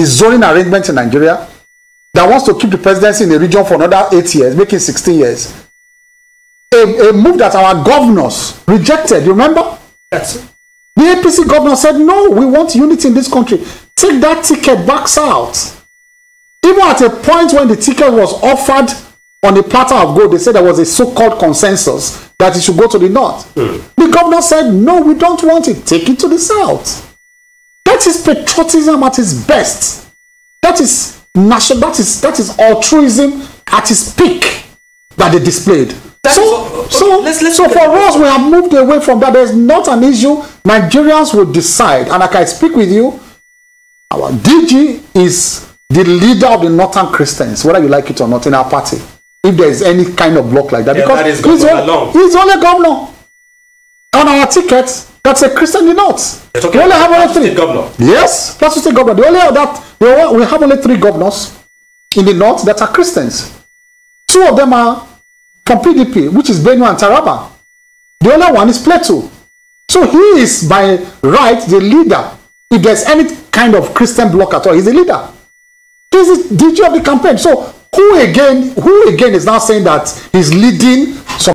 the zoning arrangement in Nigeria that wants to keep the presidency in the region for another eight years, making 16 years. A, a move that our governors rejected, you remember? Yes. The APC governor said, no, we want unity in this country. Take that ticket back south. Even at a point when the ticket was offered on a platter of gold, they said there was a so-called consensus that it should go to the north. Mm. The governor said, no, we don't want it. Take it to the south. That is patriotism at its best. That is national. That is that is altruism at its peak that they displayed. That so, is, so, let's, let's so for us, we have moved away from that. There's not an issue. Nigerians will decide, and I can speak with you. Our DG is the leader of the Northern Christians, whether you like it or not, in our party. If there is any kind of block like that, yeah, because that is he's, only, he's only governor on our tickets That's a Christian did not. We only have only three governors. Yes, that's what the governor. The only that we have only three governors in the north that are Christians. Two of them are from PDP, which is Benue and Taraba. The other one is Plato. So he is by right the leader. If there's any kind of Christian block at all, he's the leader. This is DG of the campaign. So who again? Who again is now saying that he's leading some?